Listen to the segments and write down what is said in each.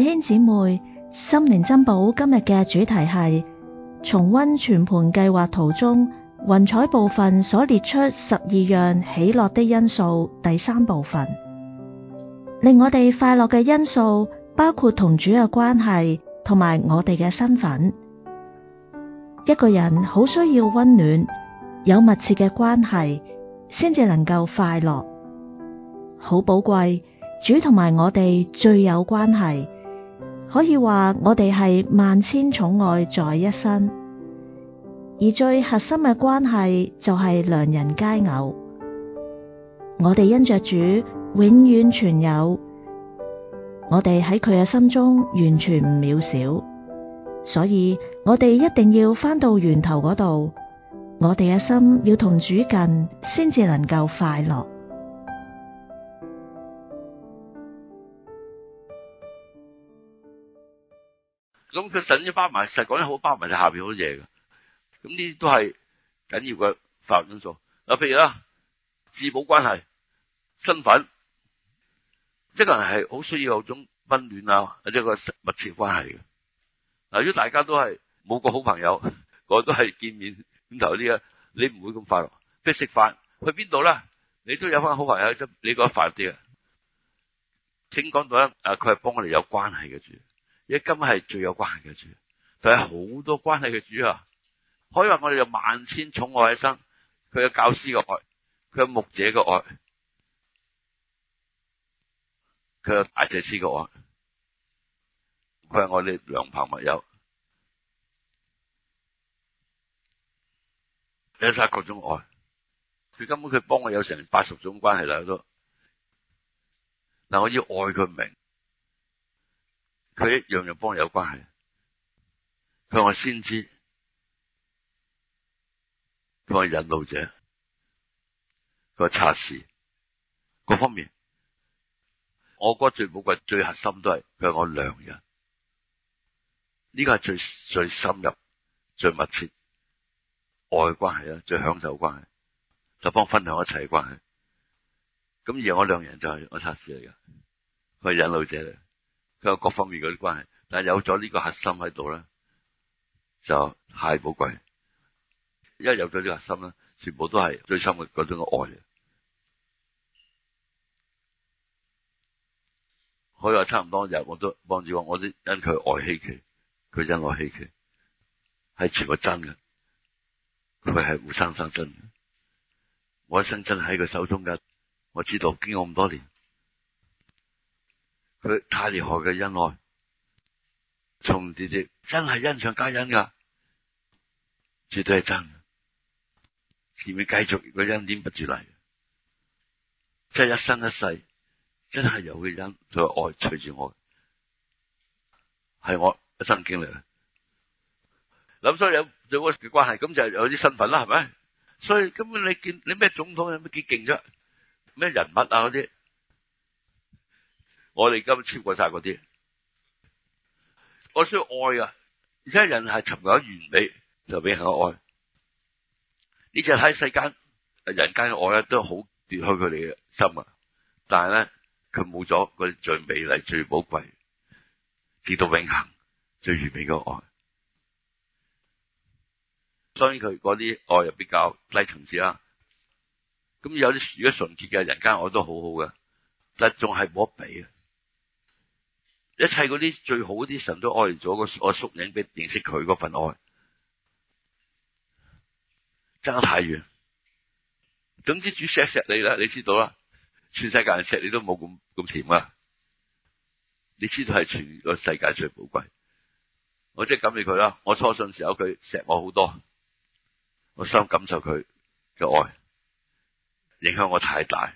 弟兄姊妹，心靈珍寶今日嘅主題係重溫全盤計劃圖中雲彩部分所列出十二樣喜樂的因素第三部分，令我哋快樂嘅因素包括同主嘅關係同埋我哋嘅身份。一個人好需要溫暖，有密切嘅關係先至能夠快樂，好寶貴。主同埋我哋最有關係。可以話我哋係萬千寵愛在一身，而最核心嘅關係就係良人佳偶。我哋因着主永遠存有，我哋喺佢嘅心中完全唔渺小，所以我哋一定要翻到源頭嗰度，我哋嘅心要同主近，先至能夠快樂。咁佢神一包埋，實際講得好包埋，就下邊好多嘢噶。咁呢啲都係緊要嘅法律因素。嗱，譬如啦，自保關係、身份，一個人係好需要有種溫暖啊，或者個密切關係嘅。嗱，如果大家都係冇個好朋友，我都係見面點頭啲啊，你唔會咁快樂。譬如食飯去邊度啦？你都有翻好朋友，即你覺得快啲啊。聽講到咧，誒，佢係幫我哋有關係嘅主。而家根本係最有關係嘅主，但係好多關係嘅主啊，可以話我哋有萬千寵愛喺一身。佢有教師嘅愛，佢有牧者嘅愛，佢有大祭司嘅愛，佢係我哋良朋密友，有晒各種愛。佢根本佢幫我有成八十種關係嚟都，嗱我要愛佢明。佢一樣樣幫有關係。佢話我先知，佢話我引路者，佢話測試，各方面。我覺得最寶貴、最核心都係佢係我良人。呢個係最最深入、最密切愛嘅關係啦，最享受關係，就幫分享一切嘅關係。咁而我良人就係我測試嚟嘅，佢係引路者嚟。佢有各方面嗰啲關係，但係有咗呢個核心喺度咧，就太寶貴。因為有咗呢個核心咧，全部都係最深嘅嗰種嘅愛的。可以話差唔多日，我都幫助我，啲因佢愛稀奇，佢因我稀奇，係全部真嘅。佢係活生生真嘅，我一生真喺佢手中嘅，我知道經過咁多年。佢太厲害嘅恩愛，從字字真係恩上加恩噶，絕對係真嘅。前面繼續個恩典不住嚟，即係一生一世，真係有佢恩，佢愛隨住我，係我一生經歷。咁所以有有嗰關係，咁就係有啲身份啦，係咪？所以根本你見你咩總統有咩幾勁啫，咩人物啊嗰啲。我哋今次超過晒嗰啲，我需要愛啊！而且人係尋求完美，就永恆嘅愛。呢只喺世間、人間嘅愛咧，都好奪去佢哋嘅心啊。但係咧，佢冇咗嗰啲最美麗、最寶貴、直到永恒最完美嘅愛。當然佢嗰啲愛又比較低層次啦。咁有啲如果純潔嘅人間愛都好好嘅，但仲係冇得比啊！一切嗰啲最好啲神都愛咗個我縮影，俾認識佢嗰份愛，差太遠。總之主錫錫你啦，你知道啦，全世界錫你都冇咁咁甜啊！你知道係全個世界最寶貴。我即係感謝佢啦。我初信時候佢錫我好多，我深感受佢嘅愛，影響我太大，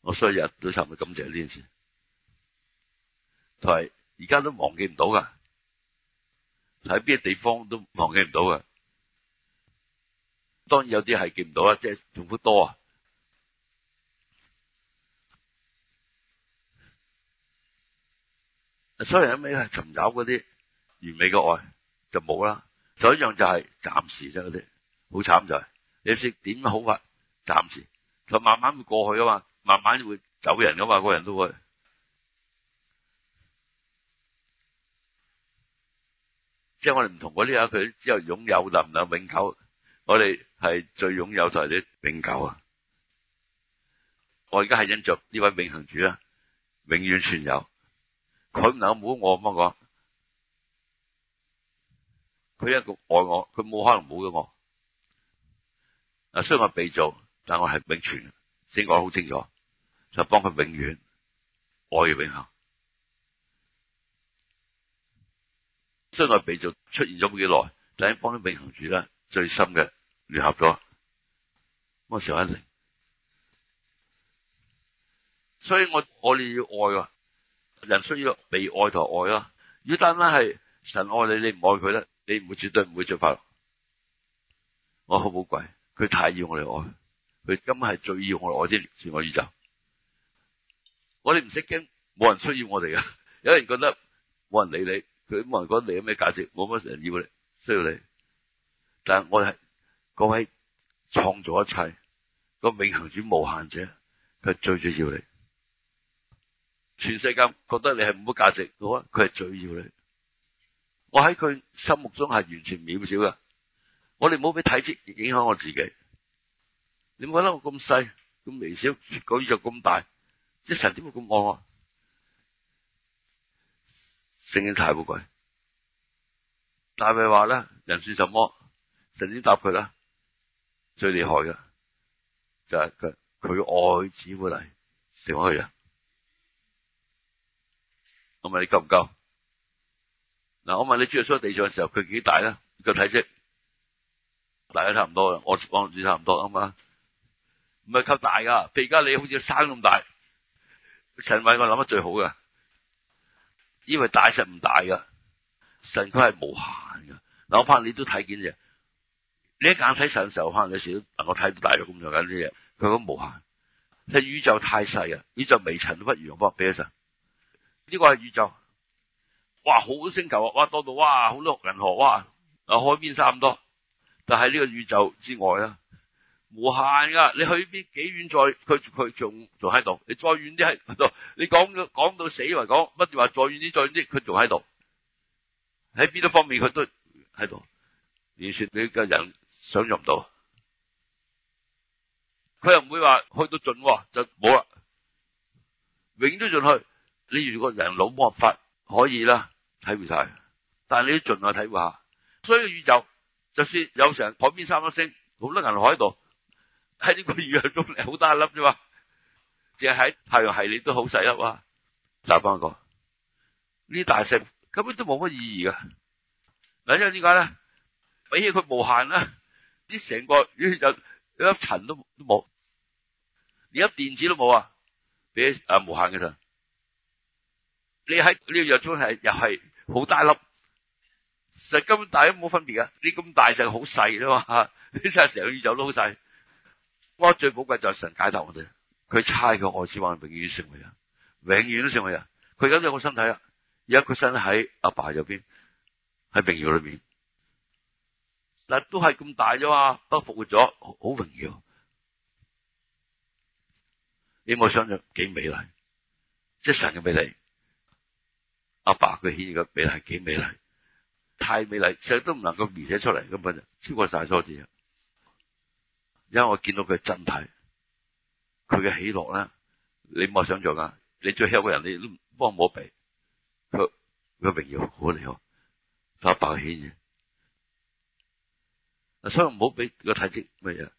我所以日都尋日感謝呢件事。係，而家都忘記唔到噶，喺邊個地方都忘記唔到噶。當然有啲係記唔到啊，即係痛苦多啊。所以後尾尋找嗰啲完美嘅愛就冇啦。仲有一樣就係暫時啫，嗰啲好慘就係你識點好啊暫時，就慢慢會過去啊嘛，慢慢會走人啊嘛，個人都會。即係我哋唔同嗰啲啊，佢只有擁有，能唔能永久？我哋係最擁有就係啲永久啊！我而家係因着呢位永恒主啊，永遠存有。佢唔能冇咗我咁講，佢一個愛我，佢冇可能冇咗我。啊，雖然我被造，但我係永存，先講得好清楚，就幫佢永遠愛永恒。雖然被造出現咗冇幾耐，但係幫啲永恒主最深嘅聯合咗。我時一所以我我哋要愛啊！人需要被愛同愛咯、啊。如果單單係神愛你，你唔愛佢咧，你唔會絕對唔會進發。我好寶貴，佢太要我哋愛，佢根本係最要我哋愛啲自我宇宙。我哋唔識驚，冇人需要我哋嘅。有人覺得冇人理你。佢冇人講你有咩價值？我乜成日要你，需要你。但係我係各位創造一切個永恒主無限者，佢係最最要你。全世界覺得你係冇乜價值嘅話，佢係最要你。我喺佢心目中係完全渺小噶。我哋唔好俾體積影響我自己。你唔覺得我咁細咁微小，佢就咁大，即係神點會咁愛？聖經太寶貴，大衛話咧，人算什麼？神先答佢啦，最厲害嘅就係佢，佢愛子乎嚟，成咗佢啊！我問你夠唔夠？嗱，我問你，住喺地上嘅時候，佢幾大咧？個體積大家差唔多啦，我我諗住差唔多啊嘛，唔係吸大噶，譬如而家你好似山咁大，陳偉我諗得最好嘅。因為大神唔大噶，神佢係無限噶。嗱，我怕你都睇見嘅，你一眼睇神嘅時候，可能有時都能夠睇到大咗咁樣嘅啲嘢。佢咁無限，你宇宙太細啊！宇宙微塵都不如我俾你神。呢個係宇宙，哇，好多星球啊，哇，多到哇，好多銀河哇，啊，海邊差唔多，但係呢個宇宙之外啊。無限噶，你去邊幾遠再，佢佢仲仲喺度，你再遠啲喺度，你講講到死為講，咪講乜嘢話？再遠啲，再遠啲，佢仲喺度，喺邊一方面佢都喺度。你說你個人想象唔到，佢又唔會話去到盡就冇啦，永遠都進去。你如果人腦冇辦法可以啦，體會晒。但係你盡量體會下。所以宇宙就算有成旁邊三粒星，好多銀河喺度。喺呢個宇宙中，好大粒啫嘛，淨係喺太陽系列都好細粒啊！個大班講呢大細根本都冇乜意義噶。嗱，因為點解咧？比起佢無限啦、啊，呢成個宇宙一粒塵都都冇，連粒電子都冇啊！比起啊無限嘅咋？你喺呢個宇宙中係又係好大粒，實根本大都冇分別啊。呢咁大細好細啫嘛，啲真係成個宇宙都好細。我最寶貴就係神解答我哋，佢猜佢愛子話永遠成為人，永遠都成為人。佢咁樣有個身體啦，現在他在爸爸在是是而家佢身喺阿爸入邊，喺榮耀裏邊。嗱，都係咁大啫嘛，都復活咗，好榮耀。你冇想象幾美麗，即係神嘅美麗。阿爸佢顯嘅美麗係幾美麗，太美麗，成日都唔能夠描寫出嚟，根本就超過晒數字啊！而家我見到佢嘅真體，佢嘅喜樂咧，你冇想象噶，你最 h i 個人，你都幫冇俾佢佢榮耀好你好，好發白圈嘅。所以唔好俾個體積乜嘢，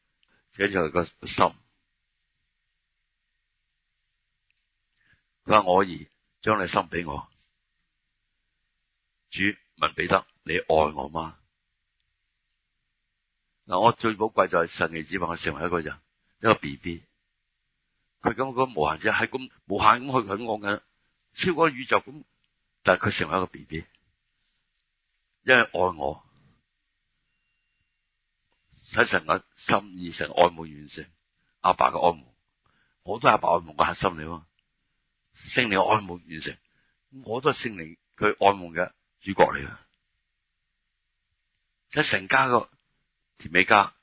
最緊要個心。佢話我而將將你心俾我。主問彼得：你愛我嗎？嗱，我最寶貴就係神兒子，我成為一個人，一個 B B。佢咁講，無限者係咁無限咁去佢講嘅，超過宇宙咁，但係佢成為一個 B B，因為愛我。使神嘅心意，神愛慕完成，阿爸嘅愛慕，我都係阿爸愛慕嘅核心嚟啊！聖靈愛慕完成，我都係聖靈佢愛慕嘅主角嚟啊！一成家個。田美嘉，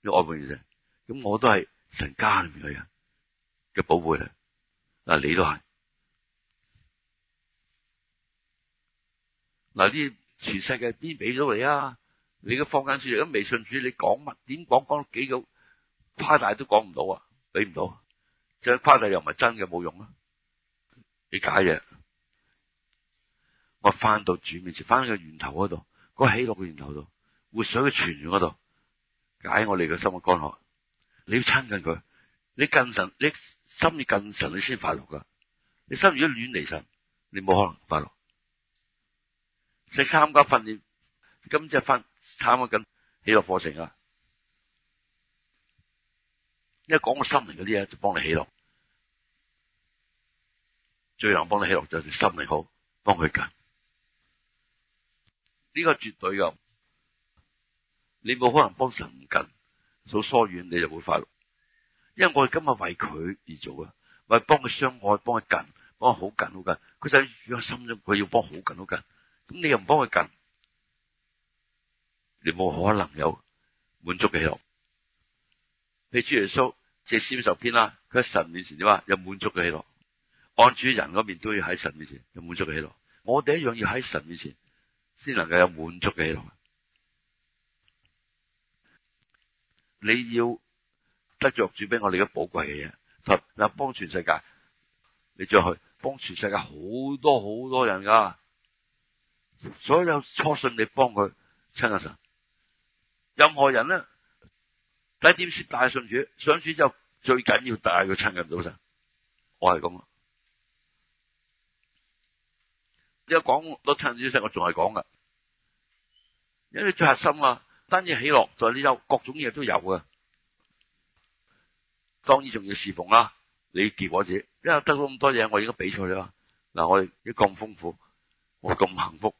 要愛護住佢，咁我都係神家裏面嘅人嘅寶貝咧。嗱，那你都係嗱啲全世界邊俾咗你啊？你嘅坊間書，如果未信主，你講乜？點講講到幾個誇大都講唔到啊，俾唔到。再誇大又唔係真嘅，冇用啊，你假嘢。我翻到主面前，翻去個源頭嗰度，那個起落嘅源頭度。活水嘅泉源嗰度，解我哋嘅心嘅乾渴，你要親近佢，你近神，你心意近神你才的，你先快樂噶。你心如果遠離神，你冇可能快樂。細參加訓練，今係翻參加緊喜樂課程啊，因為講個心靈嗰啲嘢，就幫你喜樂，最能幫你喜樂就係心靈好，幫佢緊，呢、這個絕對噶。你冇可能幫神唔近，數疏遠你就冇快樂，因為我哋今日為佢而做啊，為幫佢相愛，幫佢近，幫佢好近好近。佢要住喺心中，佢要幫好近好近。咁你又唔幫佢近，你冇可能有滿足嘅喜樂。譬如主耶穌，借詩篇十篇啦，佢喺神面前點啊？有滿足嘅喜樂。按住人嗰面都要喺神面前有滿足嘅喜樂。我哋一樣要喺神面前才，先能夠有滿足嘅喜樂。你要得着主俾我哋嘅寶貴嘅嘢，嗱，幫全世界，你再去幫全世界好多好多人啊，所有初信你幫佢親近神，任何人咧，第一點先帶信主，上主之後最緊要帶佢親近到神，我係咁啊，有講到親主，的神我還是說的，我仲係講噶，因為最核心啊。單止喜樂在呢度各種嘢都有啊。當然仲要侍奉啦，你結果自己，因為得到咁多嘢，我應該畀出嚟啦。嗱，我哋啲咁豐富，我哋咁幸福。